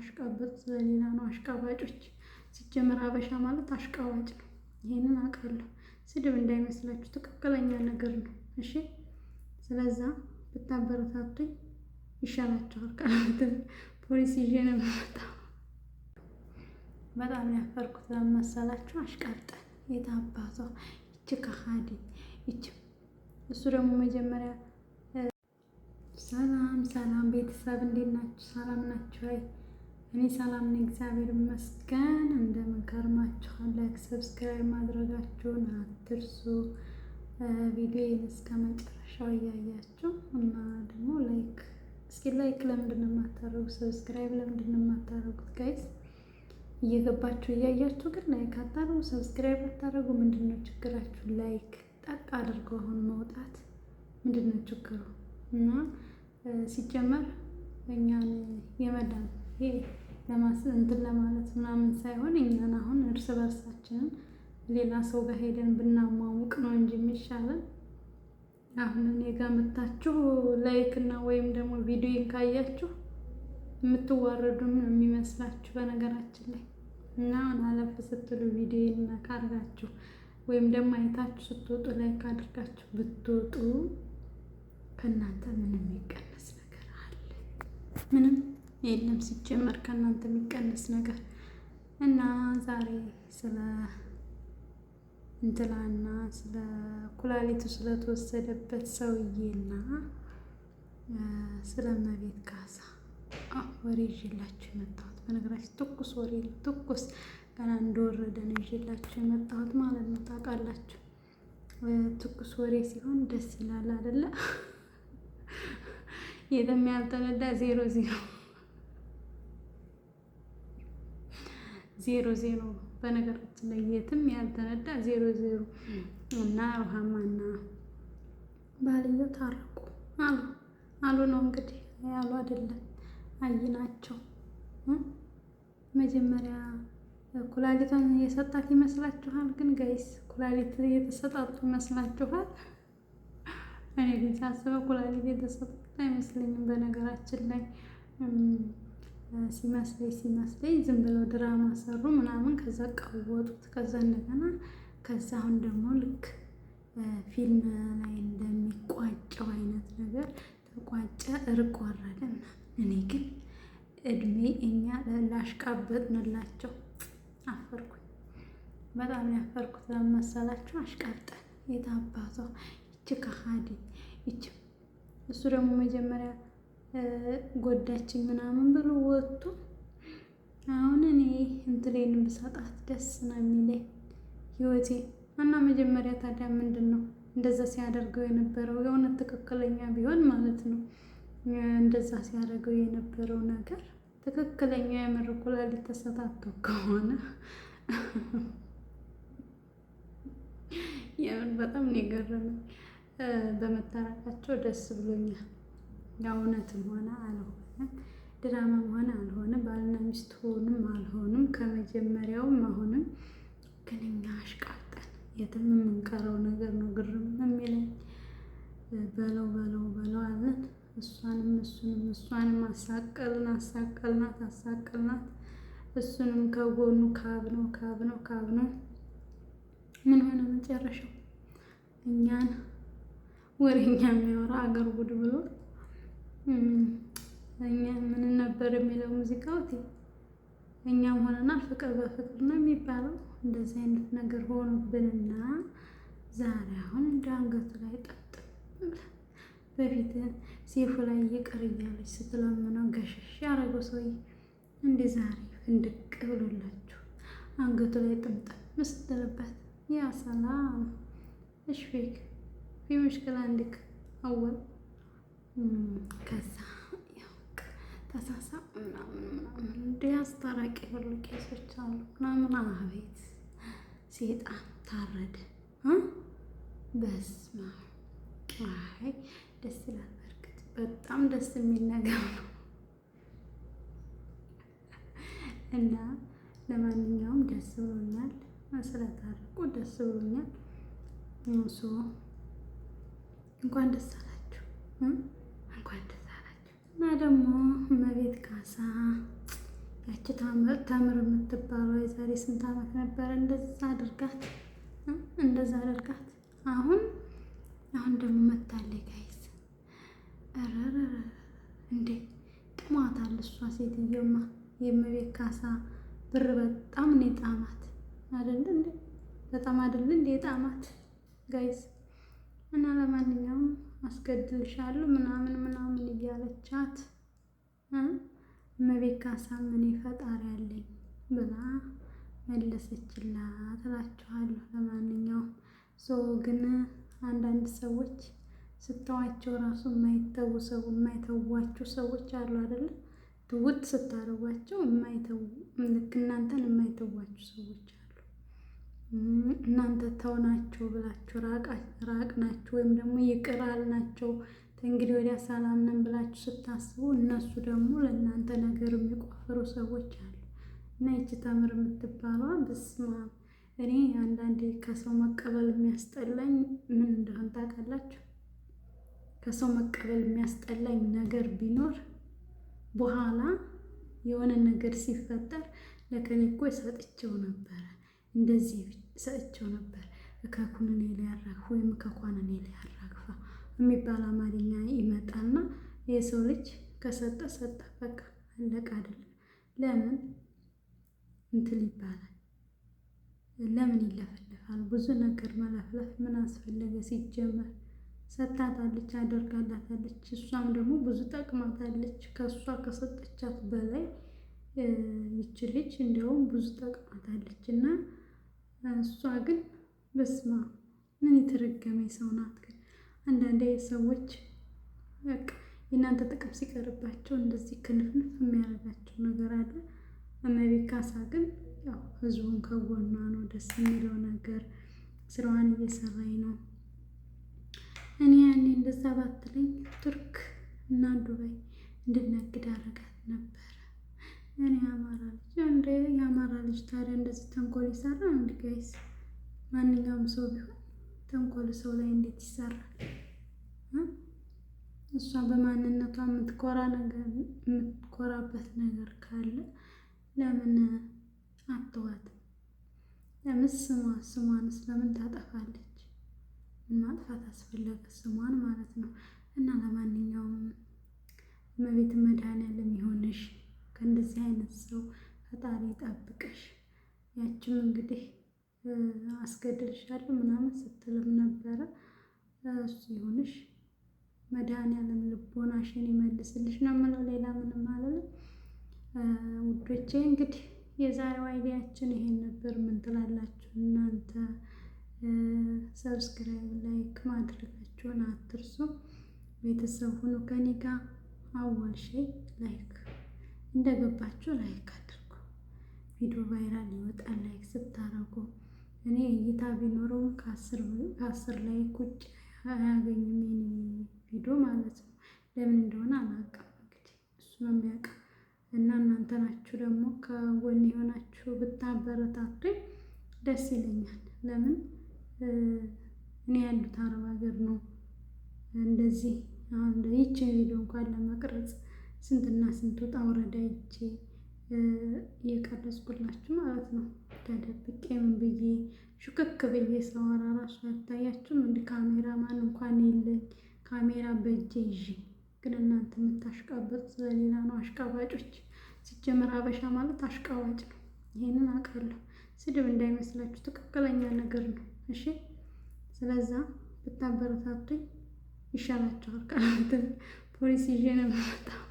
አሽቃበጡት ለሌላ ነው። አሽቃባጮች ሲጀመር ሀበሻ ማለት አሽቃባጭ ነው። ይህንን አውቃለሁ። ስድብ እንዳይመስላችሁ ትክክለኛ ነገር ነው። እሺ ስለዛ ብታበረታቱኝ ይሻላችኋል። ቃላትን ፖሊስ ይዤ ነው የምመጣው። በጣም ያፈርኩት ለመሰላችሁ አሽቃብጠን የታባቷ ይቺ ከሃዲ ይቺ እሱ ደግሞ መጀመሪያ ሰላም ሰላም ቤተሰብ እንዴት ናችሁ? ሰላም ናችሁ? አይ እኔ ሰላም ነኝ፣ እግዚአብሔር ይመስገን። እንደምን ከርማችኋል? ላይክ ሰብስክራይብ ማድረጋችሁን አትርሱ። ቪዲዮዬን እስከ መጨረሻው እያያችሁ እና ደግሞ ላይክ እስኪ ላይክ ለምንድን ነው የማታደርጉት? ሰብስክራይብ ለምንድን ነው የማታደርጉት? ጋይስ እየገባችሁ እያያችሁ ግን ላይክ አታደርጉ፣ ሰብስክራይብ አታደርጉ። ምንድን ነው ችግራችሁ? ላይክ ጠቅ አድርገው አሁን መውጣት ምንድን ነው ችግሩ? እና ሲጀመር እኛን የመዳን ይሄ ለማስ እንትን ለማለት ምናምን ሳይሆን እኛን አሁን እርስ በርሳችንን ሌላ ሰው ጋር ሄደን ብናሟሙቅ ነው እንጂ የሚሻለን። አሁን እኔ ጋር መታችሁ ላይክ እና ወይም ደግሞ ቪዲዮን ካያችሁ የምትዋረዱም ነው የሚመስላችሁ በነገራችን ላይ እና አሁን አለፍ ስትሉ ቪዲዮን ካርጋችሁ ወይም ደግሞ አይታችሁ ስትወጡ ላይክ አድርጋችሁ ብትወጡ ከእናንተ ምንም የሚቀነስ ነገር አለ ምንም የለም ሲጀመር ከእናንተ የሚቀነስ ነገር እና ዛሬ ስለ እንትላና ስለ ኩላሊቱ ስለተወሰደበት ሰውዬና ስለ መቤት ካሳ ወሬ ይዤላችሁ የመጣሁት በነገራችን ትኩስ ወሬ ትኩስ ገና እንደወረደ ነው ይዤላችሁ የመጣሁት ማለት ነው። ታውቃላችሁ ትኩስ ወሬ ሲሆን ደስ ይላል አይደለ? የትም ያልተነዳ ዜሮ ዜሮ ዜሮ ዜሮ በነገራችን ላይ የትም ያልተነዳ ዜሮ ዜሮ እና ሩሃማና ባልየው ታረቁ አሉ አሉ ነው እንግዲህ ያሉ አይደለም አይ ናቸው። መጀመሪያ ኩላሊቷን የሰጣት ይመስላችኋል? ግን ጋይስ ኩላሊት የተሰጣጡ ይመስላችኋል? እኔ ግን ሳስበው ኩላሊት የተሰጣጡ አይመስለኝም በነገራችን ላይ ሲመስለኝ ሲመስለኝ ዝም ብለው ድራማ ሰሩ ምናምን፣ ከዛ ቀወጡት። ከዛ እንደገና ከዛ አሁን ደግሞ ልክ ፊልም ላይ እንደሚቋጨው አይነት ነገር ተቋጨ፣ እርቅ ወረደ እኔ ግን እድሜ እኛ ላሽቃበጥንላቸው አፈርኩኝ። በጣም ያፈርኩት ለመሰላቸው አሽቃብጠን የታባሰው ይቺ ከሃዲ ይቺ እሱ ደግሞ መጀመሪያ ጎዳችኝ ምናምን ብሎ ወጥቶ አሁን እኔ እንትሌን ብሰጣት ደስ ነው የሚለኝ ህይወቴ እና መጀመሪያ ታዲያ ምንድን ነው እንደዛ ሲያደርገው የነበረው የእውነት ትክክለኛ ቢሆን ማለት ነው። እንደዛ ሲያደርገው የነበረው ነገር ትክክለኛ የምር ኩላሊት ከሆነ የምር በጣም ነው የገረመኝ። በመታረቃቸው ደስ ብሎኛል። ያው እውነትም ሆነ አልሆነም ድራማም ሆነ አልሆነም ባልና ሚስት ሆኑም አልሆንም ከመጀመሪያውም አሁንም ግን እኛ የትም የምንቀረው ነገር ነው ግርም የሚለኝ በለው በለው በለው አለን። እሷንም እሱንም እሷንም አሳቀልን አሳቀልናት አሳቀልናት እሱንም ከጎኑ ካብ ነው ካብ ነው ካብ ነው። ምን ሆነ መጨረሻው? እኛን ወሬኛ የሚያወራ አገር ጉድ ብሎ እኛ ምን ነበር የሚለው ሙዚቃው እኛም ሆነናል ፍቅር በፍቅር ነው የሚባለው። እንደዚህ አይነት ነገር ሆኖብንና ዛሬ አሁን እንደ አንገቱ ላይ ጠጥ በፊት ሴፉ ላይ እየቀር እያለች ስትለምነው ገሸሽ ያደረገው ሰውዬ እንደ ዛሬ ፍንድቅ ብሎላችሁ አንገቱ ላይ ጥምጥም ምስትልበት ያ ሰላም እሽፌክ ፊ አወል ከዛ ተሳሳ ምናምን ምናምን እንደ አስታራቂ ሁሉ ቄሶች አሉ ምናምን። አቤት ሴጣን ታረደ። በስመ አብ አይ ደስ ይላል። በርግጥ በጣም ደስ የሚል ነገር ነው። እና ለማንኛውም ደስ ብሎኛል፣ ስለታረቁ ደስ ብሎኛል። እሱ እንኳን ደስ አላችሁ። ደግሞ እመቤት ካሳ ያቺ ተምር የምትባለው የዛሬ ስንት ዓመት ነበረ እንደዛ አድርጋት እንደዛ አድርጋት። አሁን አሁን ደግሞ መታለ ጋይዝ ረረ እንዴ አለ እሷ ሴትዮማ የእመቤት ካሳ ብር በጣም ነው የጣማት አይደል እንዴ? በጣም አይደል እንዴ የጣማት ጋይዝ እና ለማንኛውም አስገድልሻለሁ ምናምን ምናምን እያለቻት እመቤት ካሳም እኔ ፈጣሪ አለኝ ብላ መለሰችላት እላችኋለሁ። ለማንኛውም ሰው ግን አንዳንድ ሰዎች ስታዋቸው ራሱ የማይተዉ ሰው የማይተዋቸው ሰዎች አሉ አይደለም ትውት ስታረጓቸው የማይተዉ ልክ እናንተን የማይተዋቸው ሰዎች እናንተ ተውናቸው ብላችሁ ራቅ ራቅናችሁ ወይም ደግሞ ይቅር አልናቸው እንግዲህ ወዲያ ሰላም ነን ብላችሁ ስታስቡ እነሱ ደግሞ ለእናንተ ነገር የሚቆፍሩ ሰዎች አሉ እና ይቺ ተምር የምትባሏ ብስማ እኔ አንዳንዴ ከሰው መቀበል የሚያስጠላኝ ምን እንደሆን ታውቃላችሁ? ከሰው መቀበል የሚያስጠላኝ ነገር ቢኖር በኋላ የሆነ ነገር ሲፈጠር ለከኔ እኮ ሰጥቼው ነበረ እንደዚህ ሰጥቼው ነበር። እከኩን እኔ ላይ ወይም እከኳን እኔ ላይ የሚባል አማርኛ ይመጣልና የሰው ልጅ ከሰጠ ሰጠ፣ በቃ አለቀ። አይደለም ለምን እንትን ይባላል? ለምን ይለፈልፋል? ብዙ ነገር መለፍለፍ ምን አስፈለገ ሲጀመር? ሰታታለች፣ አደርጋላታለች። እሷም ደግሞ ብዙ ጠቅማታለች። ከእሷ ከሰጠቻት በላይ ይች ልጅ እንዲያውም ብዙ ጠቅማታለች እና እሷ ግን በስማ ምን የተረገመ ሰው ናት ግን። አንዳንዴ ሰዎች የእናንተ ጥቅም ሲቀርባቸው እንደዚህ ክንፍንፍ የሚያደርጋቸው ነገር አለ። አሜሪካ ካሳ ግን ያው ህዝቡን ከጎኗ ነው። ደስ የሚለው ነገር ስራዋን እየሰራኝ ነው። እኔ ያኔ እንደዛ ባትለኝ ቱርክ እና ዱባይ እንድነግድ አረጋት ነበረ እኔ ዛሬ የአማራ ልጅ ታዲያ እንደዚህ ተንኮል ይሰራ አንድ ጋይስ ማንኛውም ሰው ቢሆን ተንኮል ሰው ላይ እንዴት ይሰራል? እሷ በማንነቷ የምትኮራ ነገር የምትኮራበት ነገር ካለ ለምን አተዋትም? ለምን ስሟ ስሟንስ ለምን ታጠፋለች? ማጥፋት አስፈለገ ስሟን ማለት ነው። እና ለማንኛውም እመቤት መድኃኒዓለም ይሆንሽ ከእንደዚህ አይነት ሰው ፈጣሪ ጠብቀሽ ያችም እንግዲህ አስገድልሻለሁ ምናምን ስትልም ነበረ። እሱ ይሁንሽ፣ መድኃኒዓለም ልቦናሽን ይመልስልሽ ነው የምለው። ሌላ ምንም አለለም። ውዶቼ እንግዲህ የዛሬው አይዲያችን ይሄን ነበር። ምን ትላላችሁ እናንተ? ሰብስክራይብ፣ ላይክ ማድረጋችሁን አትርሱ። ቤተሰብ ሁኑ ከኔ ጋር አዋል ላይክ እንደገባችሁ ላይክ ቪዲዮ ቫይራል ይወጣል ላይክ ስታረጉ። እኔ እይታ ቢኖረውም ከአስር ላይ ቁጭ አያገኝም ቪዲዮ ማለት ነው። ለምን እንደሆነ አላውቅም። እንግዲህ እሱ ነው የሚያውቀው። እና እናንተ ናችሁ ደግሞ ከጎን የሆናችሁ ብታበረታቱኝ ደስ ይለኛል። ለምን እኔ ያሉት አረብ ሀገር ነው። እንደዚህ አሁን ይቺ ቪዲዮ እንኳን ለመቅረጽ ስንትና ስንት ውጣ ውረዳ ይቼ እየቀረጽኩላችሁ ማለት ነው። ተደብቄ ምን ብዬ ሹክክ ብዬ ሳወራ ራሱ አታያችሁም? ካሜራ ካሜራማን እንኳን የለኝ ካሜራ በእጄ ይዤ ግን እናንተ የምታሽቃበጡ ስለሌላ ነው። አሽቃባጮች ሲጀመር ሀበሻ ማለት አሽቃባጭ ነው። ይህንን አውቃለሁ። ስድብ እንዳይመስላችሁ ትክክለኛ ነገር ነው። እሺ ስለዛ ብታበረታቱኝ ይሻላችኋል። ፖሊስ ይዤ ነው የምመጣው።